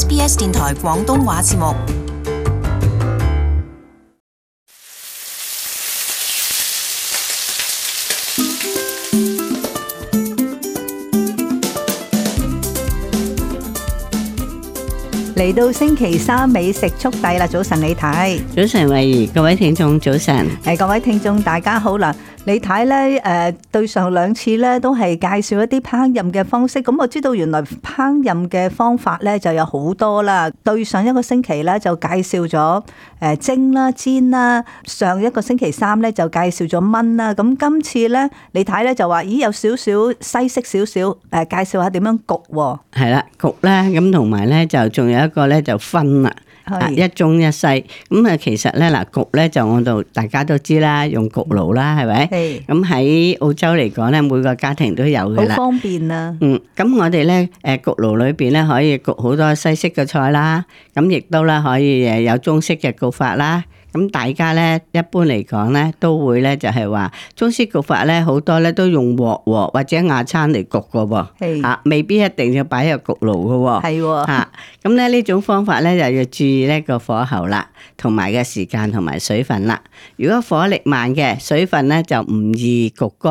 SBS 電台廣東話節目，嚟到星期三美食速遞啦！早晨，李太，早晨，慧怡，各位聽眾，早晨，誒，各位聽眾，大家好啦！你睇咧，誒，對上兩次咧都係介紹一啲烹飪嘅方式，咁我知道原來烹飪嘅方法咧就有好多啦。對上一個星期咧就介紹咗誒蒸啦、煎啦，上一個星期三咧就介紹咗燜啦，咁今次咧你睇咧就話，咦有少少西式少少，誒介紹下點樣焗喎？係啦，焗咧，咁同埋咧就仲有一個咧就分啦。是一中一西，咁啊，其實咧嗱，焗咧就我度，大家都知啦，用焗爐啦，係咪？咁喺是澳洲嚟講咧，每個家庭都有噶啦。好方便啊！嗯，咁我哋咧，誒，焗爐裏邊咧可以焗好多西式嘅菜啦，咁亦都啦可以誒有中式嘅焗法啦。咁大家咧，一般嚟講咧，都會咧就係話中式焗法咧，好多咧都用鑊鑊或者瓦餐嚟焗噶，吓的未必一定要擺入焗爐噶，係喎吓。咁咧呢種方法咧，就要注意呢個火候啦，同埋嘅時間同埋水分啦。如果火力慢嘅，水分咧就唔易焗乾。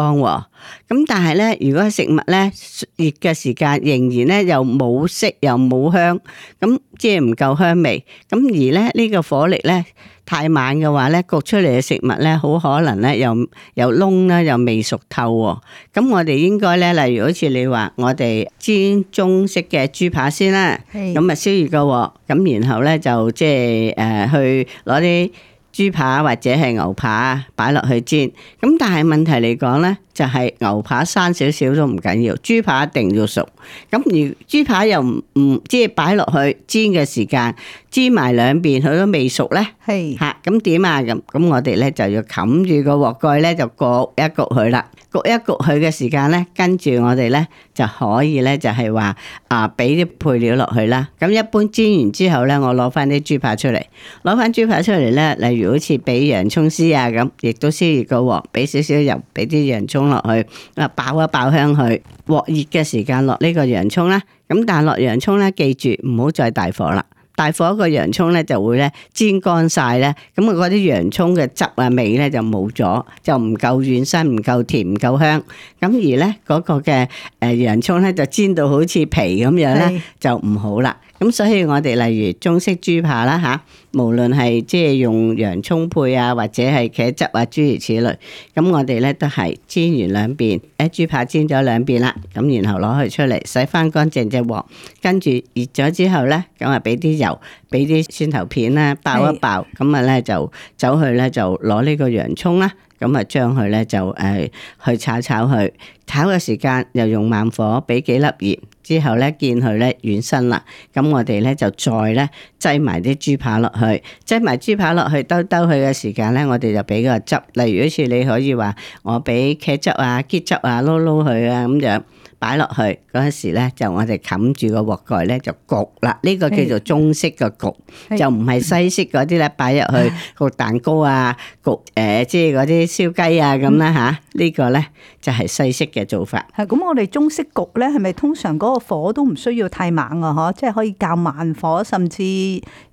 咁但係咧，如果食物咧熱嘅時間仍然咧又冇色又冇香，咁即係唔夠香味。咁而咧呢個火力咧。太猛嘅話咧，焗出嚟嘅食物咧，好可能咧又又燶啦，又未熟透喎。咁我哋應該咧，例如好似你話，我哋煎中式嘅豬扒先啦，咁燒熱個鑊，咁然後咧就即係誒去攞啲。豬扒或者係牛扒擺落去煎，咁但係問題嚟講呢，就係、是、牛扒生少少都唔緊要，豬扒一定要熟。咁如豬扒又唔唔即係擺落去煎嘅時間煎埋兩邊佢都未熟 Hey.、啊啊、呢，係吓咁點啊咁？咁我哋呢就要冚住個鑊蓋呢，就焗一焗佢啦，焗一焗佢嘅時間呢，跟住我哋呢就可以呢，就係話啊俾啲配料落去啦。咁一般煎完之後呢，我攞翻啲豬扒出嚟，攞翻豬扒出嚟呢，例如。如果似俾洋蔥絲啊咁，亦都燒熱個鑊，俾少少油，俾啲洋蔥落去啊，爆一爆香佢。鑊熱嘅時間落呢個洋蔥啦。咁但係落洋蔥咧，記住唔好再大火啦。大火個洋蔥咧就會咧煎乾晒咧，咁啊嗰啲洋蔥嘅汁啊味咧就冇咗，就唔夠軟身，唔夠甜，唔夠香。咁而咧嗰個嘅誒洋蔥咧就煎到好似皮咁樣咧，是就唔好啦。咁所以我哋例如中式豬扒啦吓、啊，無論係即係用洋葱配啊，或者係茄汁或、啊、諸如此類，咁我哋咧都係煎完兩邊，誒、欸、豬扒煎咗兩邊啦，咁然後攞佢出嚟洗翻乾淨隻鑊，跟住熱咗之後咧，咁啊俾啲油，俾啲蒜頭片咧爆一爆，咁啊咧就走去咧就攞呢個洋葱啦，咁啊將佢咧就誒、呃、去炒炒佢。炒嘅時間又用慢火，俾幾粒鹽。之後咧見佢咧軟身啦，咁我哋咧就再咧擠埋啲豬扒落去，擠埋豬扒落去兜兜佢嘅時間咧，我哋就俾個汁，例如好似你可以話我俾茄汁啊、雞汁啊撈撈佢啊，咁樣擺落去嗰陣時咧，就我哋冚住個鑊蓋咧就焗啦，呢、這個叫做中式嘅焗，的就唔係西式嗰啲咧擺入去個蛋糕啊焗，誒、呃，即係嗰啲燒雞啊咁啦吓。的呢個咧就係西式嘅做法。係咁，我哋中式焗咧，係咪通常嗰個火都唔需要太猛啊？嗬，即係可以較慢火，甚至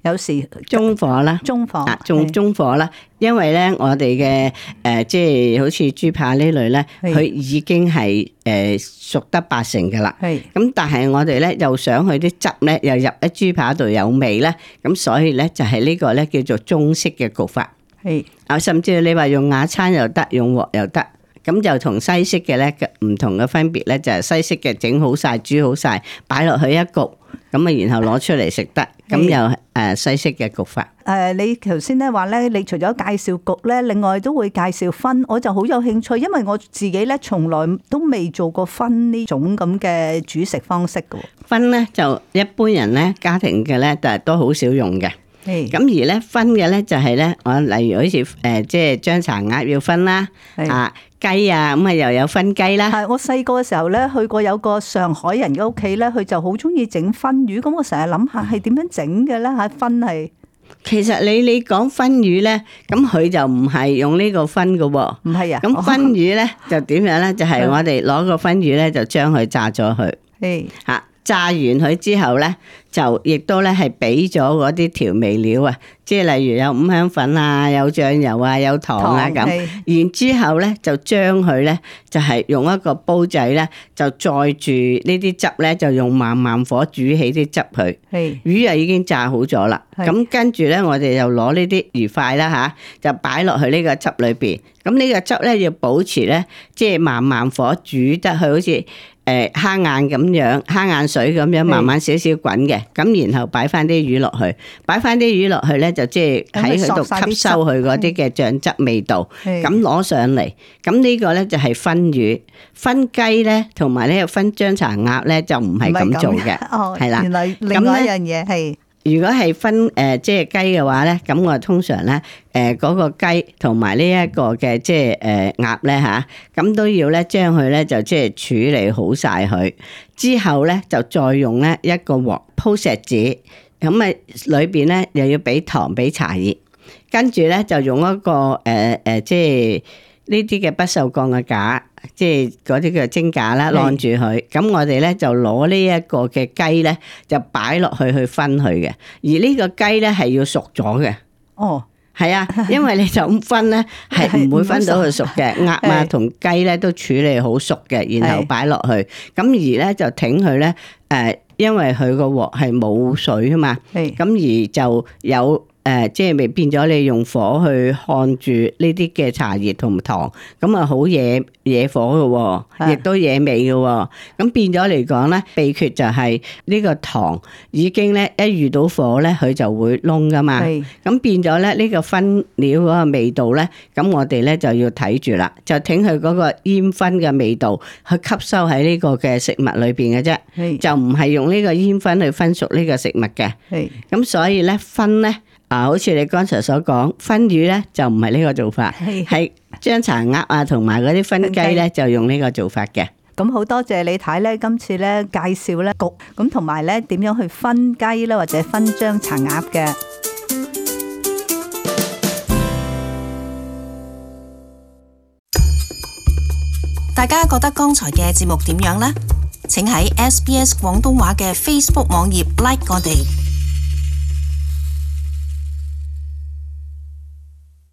有時中火啦，中火仲是、啊、中，中火啦。因為咧，我哋嘅誒，即係好似豬扒呢類咧，佢是已經係誒、呃、熟得八成噶啦。係咁是，但係我哋咧又想佢啲汁咧又入喺豬扒度有味咧，咁、啊、所以咧就係呢個咧叫做中式嘅焗法。係是啊，甚至你話用瓦餐又得，用鑊又得。咁就同西式嘅咧，唔同嘅分別咧就係西式嘅整好晒、煮好晒、擺落去一焗，咁啊然後攞出嚟食得，咁你又誒西式嘅焗法。誒，你頭先咧話咧，你除咗介紹焗咧，另外都會介紹分，我就好有興趣，因為我自己咧從來都未做過分呢種咁嘅煮食方式嘅。分咧就一般人咧家庭嘅咧，就係都好少用嘅。咁而咧燻嘅咧就係咧，我例如好似誒，即係將茶鴨要燻啦，啊雞啊咁啊又有燻雞啦。係我細個嘅時候咧，去過有個上海人嘅屋企咧，佢就好中意整燻魚，咁我成日諗下係點樣整嘅咧吓燻係。其實你你講燻魚咧，咁佢就唔係用呢個燻嘅喎。唔係啊？咁燻魚咧就點樣咧？就係我哋攞個燻魚咧，就將佢炸咗佢。嘿，吓。炸完佢之後咧，就亦都咧係俾咗嗰啲調味料啊，即係例如有五香粉啊、有醬油啊、有糖啊咁。然之後咧，就將佢咧就係用一個煲仔咧，就載住呢啲汁咧，就用慢慢火煮起啲汁佢。係的魚呀已經炸好咗啦，咁跟住咧，我哋就攞呢啲魚塊啦吓，就擺落去呢個汁裏邊。咁、這、呢個汁咧要保持咧，即係慢慢火煮得佢好似。誒，蝦眼咁樣，蝦眼水咁樣，慢慢少少滾嘅，咁然後擺翻啲魚落去，擺翻啲魚落去咧，就即係喺佢度吸收佢嗰啲嘅醬汁味道，咁攞上嚟，咁呢個咧就係燻魚。燻雞咧，同埋呢個燻樟茶鴨咧，就唔係咁做嘅，係啦，另一樣嘢係。如果係分誒、呃、即係雞嘅話咧，咁我通常咧誒嗰個雞同埋、呃、呢一個嘅即係誒鴨咧吓咁都要咧將佢咧就即係處理好晒佢，之後咧就再用咧一個鑊鋪石子，咁啊裏邊咧又要俾糖俾茶葉，跟住咧就用一個誒誒、呃、即係。呢啲嘅不鏽鋼嘅架，即係嗰啲叫蒸架啦，晾住佢。咁是我哋咧就攞呢一個嘅雞咧，就擺落去去分佢嘅。而呢個雞咧係要熟咗嘅。哦，係啊，因為你就咁分咧，係唔會分到佢熟嘅。鴨啊同雞咧都處理好熟嘅，然後擺落去。咁是而咧就挺佢咧，誒、呃，因為佢個鑊係冇水啊嘛。係是。咁而就有。誒，即係咪變咗你用火去看住呢啲嘅茶葉同糖，咁啊好惹惹火噶、哦，亦都惹味噶、哦。咁、啊、變咗嚟講咧，秘訣就係呢個糖已經咧一遇到火咧，佢就會燶噶嘛。咁是變咗咧呢個燻料嗰個味道咧，咁我哋咧就要睇住啦，就挺佢嗰個煙燻嘅味道去吸收喺呢個嘅食物裏邊嘅啫，是就唔係用呢個煙燻去燻熟呢個食物嘅。係咁是所以咧燻咧。啊，好似你剛才所講，分魚呢就唔係呢個做法，係將茶鴨啊同埋嗰啲分雞呢就用呢個做法嘅。咁好多謝你睇呢，今次呢介紹呢焗，咁同埋呢點樣去分雞呢或者分張茶鴨嘅。大家覺得剛才嘅節目點樣呢？請喺 SBS 廣東話嘅 Facebook 網頁 like 我哋。